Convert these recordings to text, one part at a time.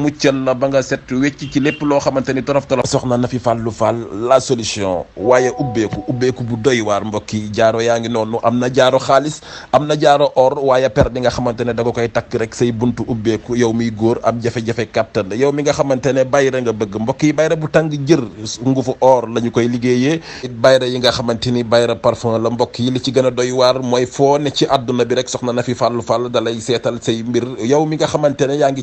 muccal la ba nga set wecc ci lépp loo xamante ni torof torof soxna na fi fàllu fàll la solution waaye ubbeeku ubbeeku bu doy waar mbokki jaaro yaa ngi noonu am na jaaro xaalis am na jaaro or waaye per di nga xamante ne da nga koy takk rek say buntu ubbeeku yow miy góor am jafe-jafe kàttan yow mi nga xamante ne bayra nga bëgg mbokk yi bayra bu tàng jër ngufu or la ñu koy liggéeyee bayra yi nga xamante ni bayra parfum la mbokk yi li ci gën a doy waar mooy foo ne ci àdduna bi rek soxna na fi fàllu fàll dalay seetal say mbir yow mi nga xamante ne yaa ngi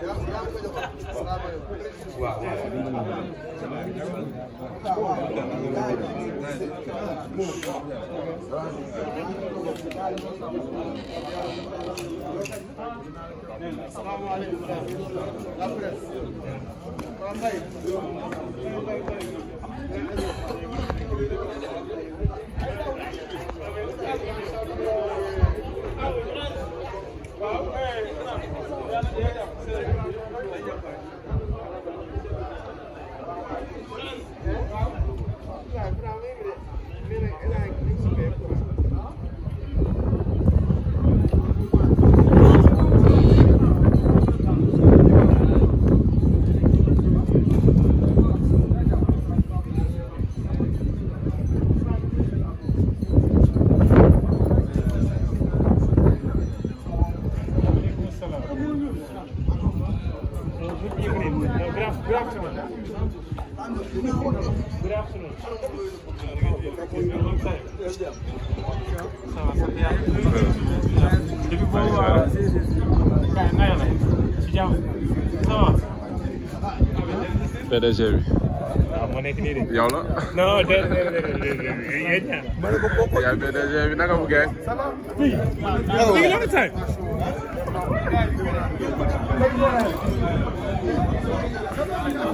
waaw waaw good afternoon. Good afternoon. PDG bi. waaw moo nekk nii de. yow la. non déedéet déedéet. yaa PDG bi naka mu gee. waaw.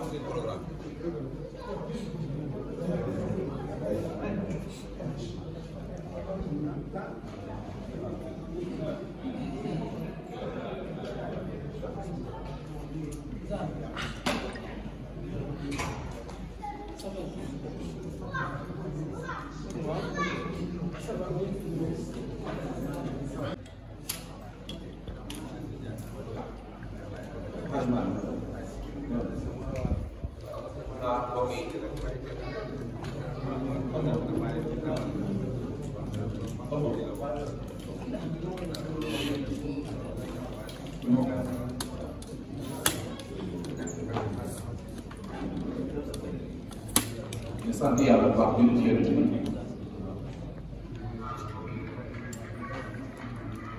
am ngeen programme. Thank you.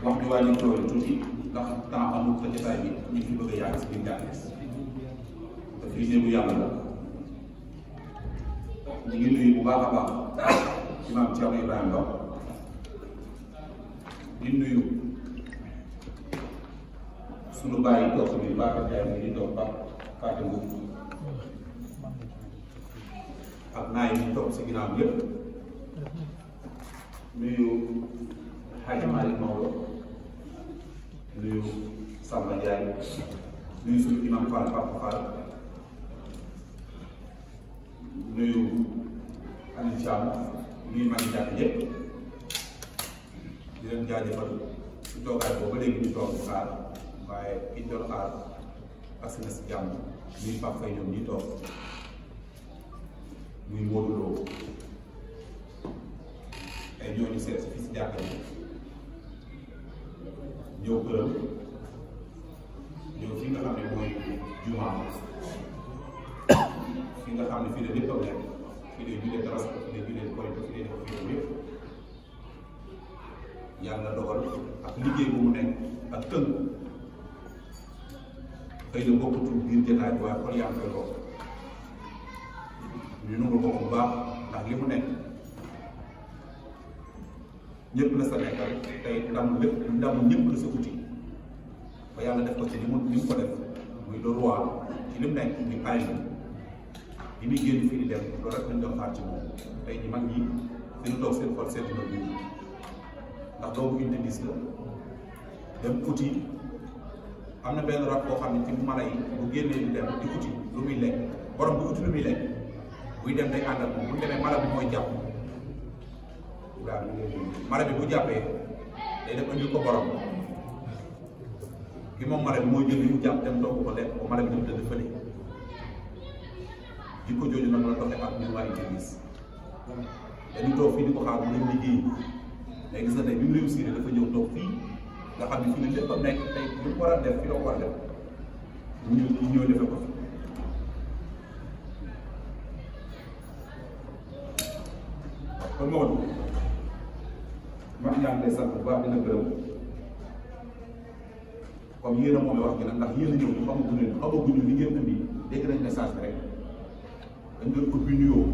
wax bi waa liñ tool tuuti ndax temps amul sa jotaay bi ñu fi bëgg a yàgg si biir gàttees parce que liggéey bu yàlla la ñu ngi nuyu bu baax a baax imaam Thierno Ibrahima Ndao di nuyu suñu bàyyi toog bi baax a jaay mi di toog baax fàtte nguuf ak naa yi ñu toog si ginnaaw yëpp nuyu Hadj Malick Maodo nuyu Samba Ndiaye nuyu suñu imam Fall Papa Fall nuyu Aliou Thiam nuyu Mami Diagne yëpp di leen jaajëfal su toogaay boobu ba léegi ñu toog di xaar waaye ki ñu doon xaar parce que na si jàmm ñuy Pape Faye ñoom ñuy toog muy wóoruloo ay ñooñu seet fii si jàkka yi ñëw këram ñëw fi nga xam ne mooy jumaa fi nga xam ne fii la lépp am nekk fii lay jullee tabaski fii lay jullee koy fii lay def fii yëpp yàlla dogal ak liggéey bu mu nekk ak tënk xëy na bokkutul biir jotaay bi waaye kon yaa ngi koy bokk ñu nangu ko bu baax ndax li mu nekk ñëpp la Sénégal tey ndam lépp ndam ñëpp la sa uti ba yàlla def ko ci li mu li mu ko def muy le roi ci li mu nekk muy pare bi muy génn fii di dem loolu rek lañ doon xaar ci moom tey ñi mag ñi suñu toog seen xol seetlu na buur ndax doomu unité gis la dem uti am na benn rat boo xam ne ci mala yi bu génnee di dem di uti lu muy lekk borom bu uti lu muy lekk buy dem day ànd ak moom bu demee mala mooy jàpp daal mara bi bu jàppee day def andi ko borom bi moom mara bi mooy jël li mu jàpp dem togg ko lekk ko mara bi dem tëdd fële jikko jooju nag la doxee ak ñun waa Iblis dañu toog fii di ko xaar mu dem liggéey mais gis na tey bi mu réussir dafa ñëw toog fii nga xam ne fii la a nekk tey lu ko war a def fii la ko war a def ñu ñëw defe ko kon Maodo man yaa ngi lay sant bu baax dina gërëm comme yéen a moom wax gi nag ndax yéen a ñëw ñu xamaguñu leen xamaguñu li ngeen indi dégg nañ message bi rek dañ doon ubbi nuyoo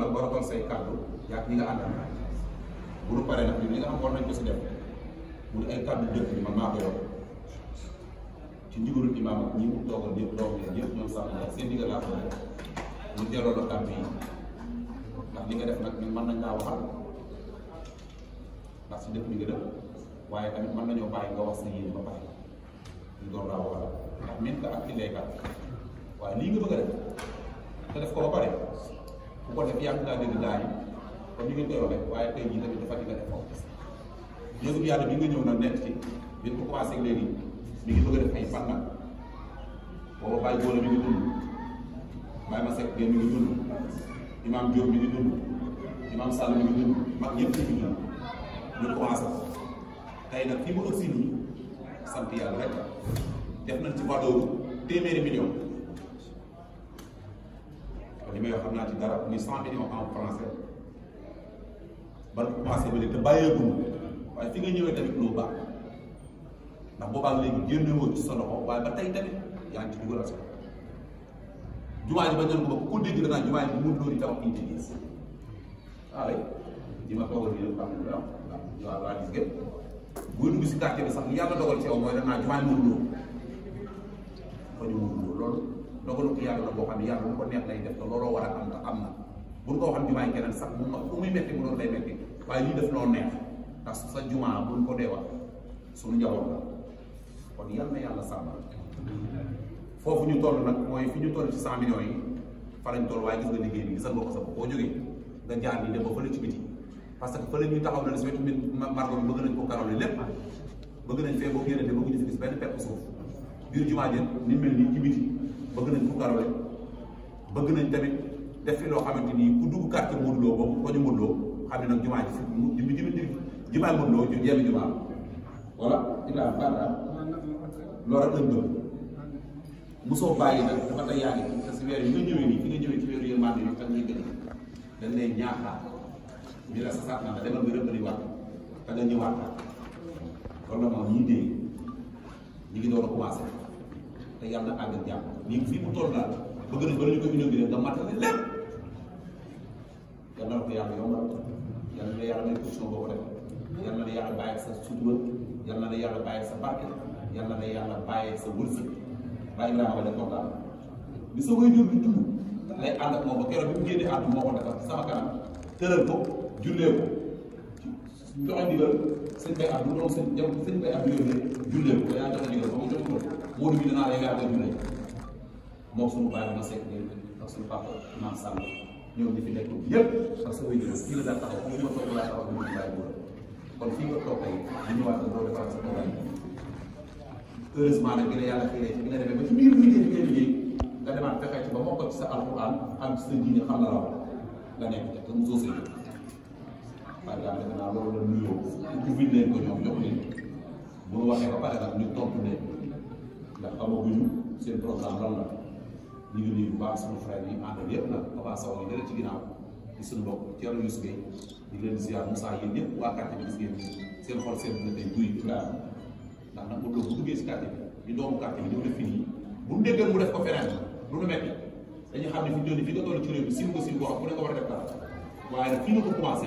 la borotal say kàddu yaa ñi nga àndal bu nu paree nag li nga xam war nañ ko si def bu ay kàddu dëkk bi man maa ko yor ci ndigalul imaam ak ñi mu toogal ñëpp toog leen ñëpp ñoom sax na seen ndigal laa ko mu delloo la kàddu yi ndax li nga def nag ñun mën nañ laa waxal parce que dëkk bi nga dëkk waaye tamit mën nañoo bàyyi nga wax sa yéen ba pare ñu door laa wala ndax mën ak ci laykat waaye lii nga bëgg a def te def ko ba pare ku ko def yàgg naa dégg gaa yi kon koy waxee waaye tey jii tamit dafa di nga def foofu ko commencé def ay fan nag booba bàyyi góor mi ngi dund bàyyi ma sekk mi ngi dund imaam Diop mi ngi dund imaam Sall mi ngi mag ñëpp mi ngi dund ñu commencé ko tey nag fi mu ëgsi nii sant yàlla rek def nañ ci valeur téeméeri million li may wax xam naa ci dara muy cent millions en français ban commencé ba léegi te bàyyeegul waaye fi nga ñëwee tamit loo baax ndax boobaa léegi génne woo ci sa loxo waaye ba tey tamit yaa ngi ci dugalal sa jumaa ji ba ñor ko ba ku dégg danaa jumaa ji mu mënuloo di tabax une église waaye ji ma toogal di leen xam ne waaw waaw gis ngeen boo dugg si quartier bi sax li yàlla dogal ci yow mooy danaa jumaay muurloo ko di muurloo loolu dogalu ko yàlla la boo xam ne yàlla lu ko neex lay def te looloo war a am te am na bu ko waxoon jumaay keneen sax mu ma fu muy metti mu doon lay metti waaye lii def loo neex ndax sa jumaa buñ ko dee wax suñu njaboot la kon yal na yàlla sàmmal foofu ñu toll nag mooy fi ñu toll ci cent millions yi fa lañ toll waaye gis nga liggéey bi gisal nga ko sa bopp boo jógee nga jaar ni dem ba fële ci biti parce que fële ñu taxaw na ne suñu mbir marron bëgg nañ ko karole lépp bëgg nañ fee boo génne te bëgg ñu fi gis benn pepp suuf biir jumaa jën ni mel nii ci biti bëgg nañ ko karole bëgg nañ tamit def fi loo xamante nii ku dugg quartier Modou Lo boobu ko ñu Modou Lo xam ne nag jumaa ji fi jimi jimi jumaa Modou Lo ju yenn jumaa voilà Ibrahima Fada ah. loolu rek lañ bëgg mosoo bàyyi nag dafa tey yaa ngi parce que weer yi nga ñëwee nii fi nga ñëwee ci weeru yërmande yi fekk ngay gën dañ lay ñaaxaar ñu la saxaat naa la demal nga rëbbali waat te nga ñëwaat nag kon nag moom ñii dee ñu ngi door a commencé te yàlla àgg ak jàmm nii fii mu toll daal bëgg na ba ñu ko inauguré nga matale lépp yal na ko yàlla yombal yal na yàlla may position boo ko def yal na la yàlla bàyyi sa sutura yal na la yàlla bàyyi sa barke yal na la yàlla bàyyi sa wërsëg bàyyi Ibrahima ba ne toog daal bi sa wéy jur bi dund lay ànd ak moom ba keroog bi mu génnee àdduna moo ko defal sama kanam tëral ko. jullee ko joxe ndigal sëñ bay at bu doon sëñ jam sëñ bay at yónnee jullee ko yaa joxe ndigal ba mu jox ko wóoru bi danaa rek yaa ko jullee moom suñu bàyyi ma sekk ak suñu papa maam sàll ñoom ñi fi nekk yëpp ak sa wéjur fii la daan taxaw fii nga toog laa taxaw ñu bàyyi wóor kon fii nga toog tey ñu ñëwaat la doo defaat sa toogaay heureusement nag bi la yàlla xëyee ci bi nga demee ba ci biir liggéey bi ngay liggéey nga demaat fexe ci ba mokk ci sa alxuraan am ci sa diine xam la raw nga nekk te mosoo sëy Instagram defe naa loolu la nuyoo ubbi leen ko ñoom jox leen bu ñu waxee ba pare nag ñu tontu leen ndax xamaguñu seen programme lan la ñu yëpp nag waa quartier bi gis ngeen seen xol seen dina tey guy ndax nag bu duggee si quartier bi ñu doomu quartier bi ñu def fii bu ñu déggoon mu def ko feneen lu nu metti dañuy xam ne fi ñu fi nga toll ci réew mi sim ko sim ko ko war a def dara waaye nag fii nga ko commencé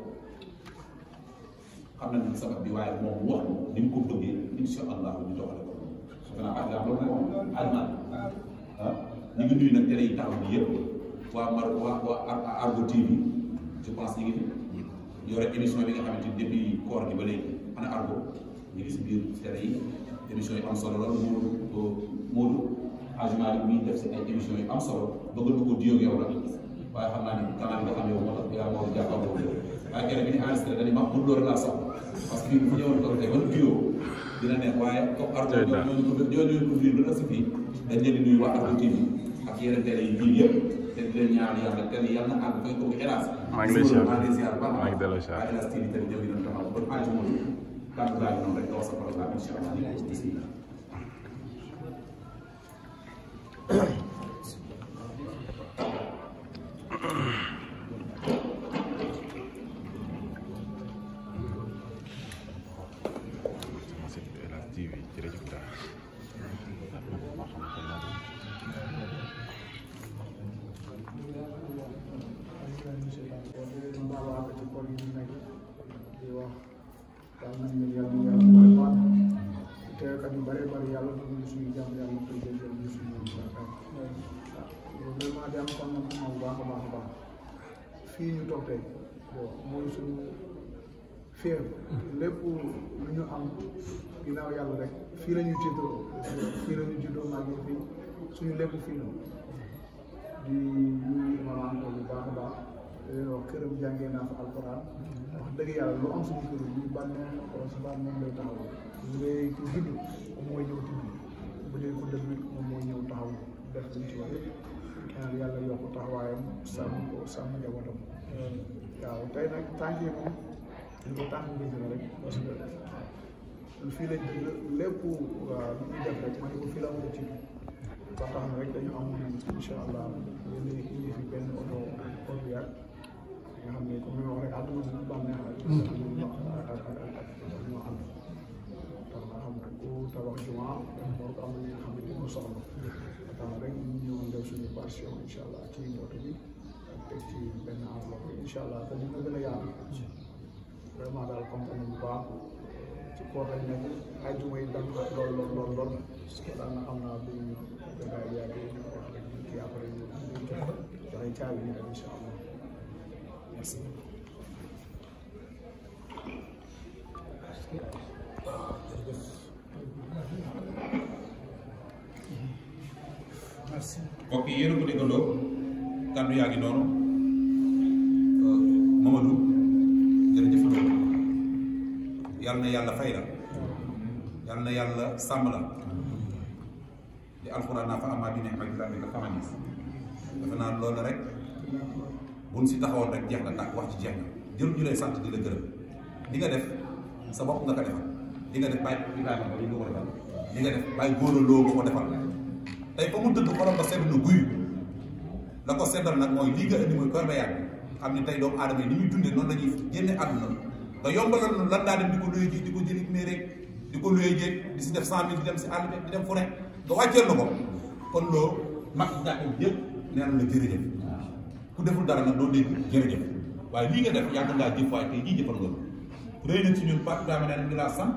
xam nañ sabab bi waaye moom wax ni mu ko bëggee incha allah ñu doxale ko defe naa par exemple loolu nag Allemagne ah ñu ngi nuyu nag télé yi taxaw bi yëpp waa Mar waa waa Argo TV je pense ñu ngi fi yore émission nga xamante ni depuis koor gi ba léegi ana Argo ñu ngi si biir télé yi émission yu am solo loolu ay émission yu am solo bëgg na ko diog waaye keroog bi ñu enregistré dañu ma mun loolu laa soxla parce que fii bu ñëwoon ko tey ban duo dina waaye comme ardo ñooñu ko ñooñu ko fii lu la si fii dañ leen di nuyu waa Ardo ak yeneen télé yi fii yëpp te di leen ñaan na àgg bañ ko ko hélas maa ngi lay ziar maa ngi lay ziar baax maa ngi delloo ziar hélas TV tamit ñëpp dina taxaw ba page mooy kàddu laa noonu rek nga wax bi am kontaan bu baax a baax a baax fii ñu toog tey bon mooy suñu fier lépp lu ñu am ginnaaw yàlla rek fii la ñu juddoo fii la ñu juddoo màggee fii suñu lépp fii la di ñu maanaam bu baax a baax te wax jàngee naa fa alxuraan wax yàlla lu am suñu kër ñu bànnee na ko si bànnee lay taxaw moom mooy ñëw taxaw def ci wax ñaan yàlla yokku taxawaayam sàmm ko sàmm njabootam waaw tey nag tànk yi moom dañ rek parce que lu fii lañ lépp waaw lu rek ma ne ko fii la mu ci ba tax na rek dañu am indi fi benn nga xam ne comme tabax jumaa war nga xam soxla temps rek ñu ñëwoon def suñu version incha allah ci mbootu bi ak teg ci benn enveloppe bi incha allah te dina gën a yaatu vraiment daal kontaan bu baax ci koor lañ nekk ay juma yi dal lool lool lool lool daan na xam naa bu ñu dagaay yàgg ñu wax rek ñu kii après ñu joxe caabi bi rek incha allah merci mbokk yi yéen a ko déggandoo kàddu yaa ngi noonu euh, Mamadou jërëjëf loolu yal na yàlla fay la na yàlla sàmm la di alxuraan naa fa naan loolu rek buñ si taxawoon rek jeex na tàkk wax ci jeex na jël ñu lay sant di la gërëm li nga def sa bopp nga ko defal li nga def bàyyi Ibrahima ba ñu ko defal. tey foo mu tëdd xolam ba sedd na guy ko seddal nag mooy lii nga indi mooy corbeillage xam ne tey doomu aadama yi ni ñuy dundee noonu la ñuy génne àdduna nga yombalal nu lan daa dem di ko luyee ji di ko jëli ne rek di ko luyee jéeg di si def cent mille di dem si àll bi di dem fu ne nga wàcceel na ko kon loo mag dàq yëpp nee na la jërëjëf ku deful dara doo dégg jërëjëf waaye lii nga def yàgg ngaa jëf waaye tey jii jëfal nga rëy na ci ñun Pape Ibrahima nee na mi laa sant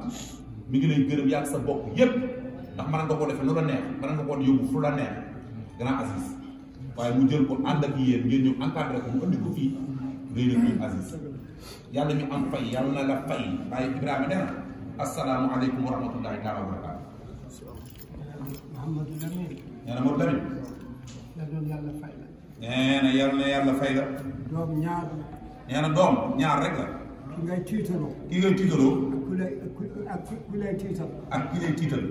mi ngi lay gërëm yàgg sa bopp yëpp ndax mën nga koo defee lu la neex mën nga koo yóbbu fu la neex grand Aziz waaye mu jël ko ànd ak yéen ngeen ñëw encadré ko mu andi ko fii ngay def muy Aziz doom ñaar. nee na doom ñaar ki ngay tiitaloo. ki ngay tiitaloo. ku lay ak ku lay tiital. ak ki lay tiital.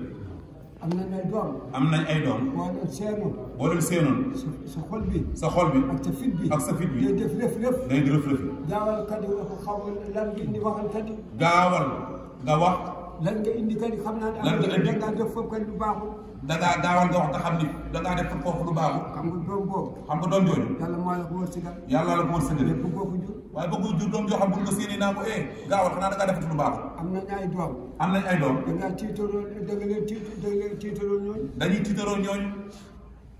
am nañ ay doom. am nañ ay doom. boo leen seenoon. boo leen seenoon. sa xol bi. sa xol bi. ak sa fit bi. ak sa fit bi. day def rëf rëf. day def rëf rëf. gaawal kadi xaw lan nga indi waxal kadi. gaawal nga wax. lan nga indi kadi xam naa ne. lan nga indi am na def foofu kadi bu baaxul. dangaa gaawal nga wax te xam ni dangaa def foofu lu baaxul. xam nga doom boobu. xam nga doom jooju. yàlla maa la ko wërsëgal. yàlla la ko wërsëgal. mais bëggoo ko jur. waaye bëggoo jur doom joo xam bu ñu ko naa ko eh gaawal xanaa dangaa def lu baaxul. am nañ ay doom. am nañ ay doom. dangaa tiitaroo da nga leen tiit da nga leen tiitaroo ñooñu. dañuy tiitaroo ñooñu.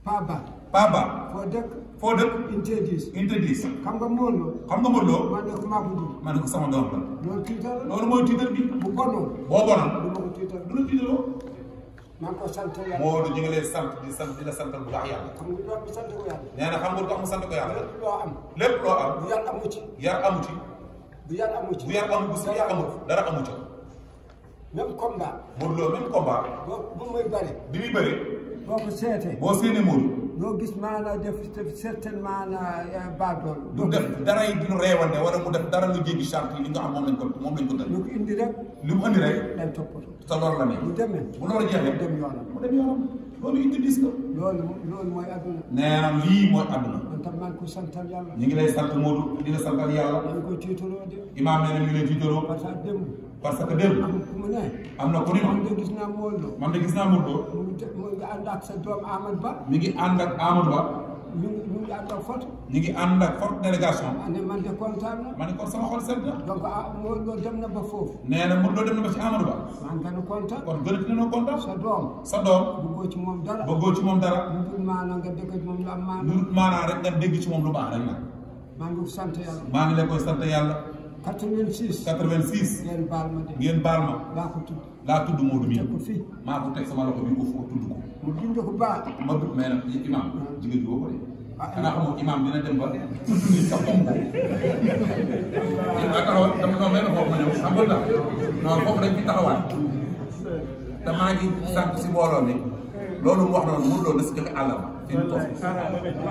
Paba. Paba. foo dëkk. foo dëkk. interdis. interdis. xam nga Mawlo. xam nga Mawlo. man de maa ko jur. man de sama doom la. loolu tiitar. loolu mooy tiitar bi. bu bonoon. boo bonoon. maa ngi ko sant yàlla Moodu ñu ngi lay sant di sant di la santal bu baax yàlla. xam nga lu tax mu sant ko yàlla. nee na xam nga lu tax ko yàlla. lépp loo am. lépp loo am. bu amu ci. yar amu ci. bu yar amu ci. bu yar amu bu si yar dara amu ci. même combat. Moodu loolu même combat. boo bu muy bëri. bi muy bëri. boo ko seetee. ñoo gis maanaam def certainement euh, baadool. du def dara yi duñu reewante wala mu def dara lu jéggi charte yi li nga xam moom lañ ko moom lañ ko def. lu ko indi rek. lu mu indi rek. day toppatoo te loolu la ne. bu demee bu loolu jeexee. mu dem yoonam mu dem yoonam loolu indi dis la. loolu loolu mooy adduna. nee lii mooy adduna. man tam maa ngi ko santal yàlla. ñu ngi lay sant Modou di la santal yàlla. maa ngi koy tiitaroo de. imaam nee na ñu ngi lay tiitaroo. parce que démb. parce que démb. mu ne. am na ku ne ma. man de gis naa Modou Lo. man de gis naa Modou Lo. mu ngi ànd ak sa doom Amadou Ba. mi ngi ànd ak Amadou Ba. ñu ngi ñu ngi ànd ak forte. ñu ngi ànd ak forte délégation. ne man de kontaan na. ma ne kon sama xol sedd na. donc ah Modou Lo dem na ba foofu. nee na Modou Lo dem na ba ci Amadou Ba. man gën a kontaan. kon gën a dina kontaan. sa doom. sa doom. bëggoo ci moom dara. bëggoo ci moom dara. lu dul maanaa nga dégg ci moom lu am maanaa. lu dul maanaa rek nga dégg ci moom lu baax rek nag. maa ngi sant yàlla. maa ngi leen koy sant yàlla. 86 86. ngeen baal ma de ngeen baal ma. laa ko tudd laa tudd Modou mii. ko fii maa ko teg sama loxo bi ko foo tudd ko. mu ma dugg mais nag doon ah. ah. benn foofu ma ñëw xam nga foofu dañ fi taxawaat. te maa ngi sant si mbooloo loolu mu wax noonu mënuloo des joxe àllarba fi mu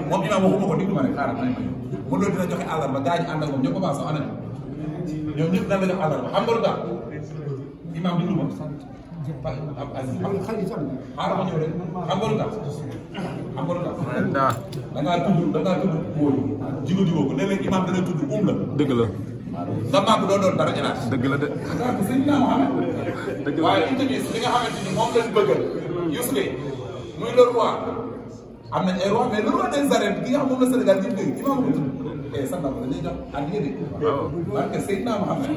moom imaam waxuma ko déglu ma rek xaaral ma ne ma ñëw dina joxe àllarba gaa ñi moom ñëpp a baax soo ànd ñoom ñëpp nan la def àllarba xam nga lu tax imaam di duma parce que am as yi xam nga ñëw rek xam nga lu tax xam nga lu tax da ngaa tudd da ngaa tudd wóolu jigo la dëgg la sa maam doo doon dara énaa dëgg la de sëñ naa Mohamed dëgg nga xamante ni moom lañ bëggal yus muy le roi am nañ ay roi mais le roi des arènes bi nga xam moom la Sénégal ñëpp te sa ndaw dañuy jox addiya de. waaw barke Seydina Muhammad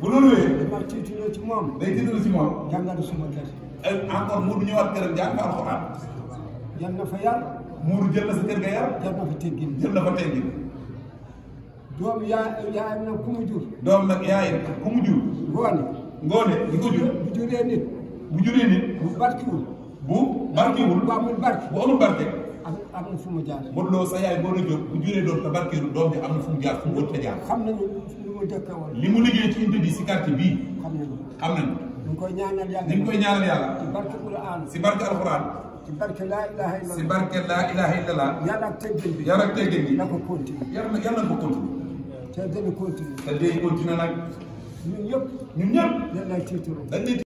bu loolu wéyee. damaa tiitaloo ci moom. day tiitaloo ci moom. jàngal suma kër. encore Mourou ñëwaat këram jàng alxuraan. yal na fa yar. Mourou jël na sa kër ga yar. jël na fa teggin jël na fa teggin. doom yaa yaayam nag ku mu jur. doom nag yaayam ku mu jur. ngoone. ngoone di ko jur. bu juree nit. bu juree nit. bu barkiwul. bu barkiwul. bu amul barke bu amul barke. am na fu mu jaar. Modou Lo sa yaay moo la jóg bu juree doom te barkeelu doom bi am na fu mu jaar fu mu wër te jaar. xam nañu li mu dëkkee woon. li mu liggéey ci indi bi si quartier bii. xam nañu xam nañu. ñu ngi koy ñaanal yàlla. ñu ngi koy ñaanal yàlla. ci barke Alxuraan. si barke Alxuraan. ci barke laa ilaha illallah. si barke laa ilaha illallah. yàlla ak teggin bi yàlla ak teggin bi. na ko continué. yàlla yàlla na ko continué. te dina continué. te dina continué nag. ñun ñëpp ñun ñëpp. dañ lay tiitaroo.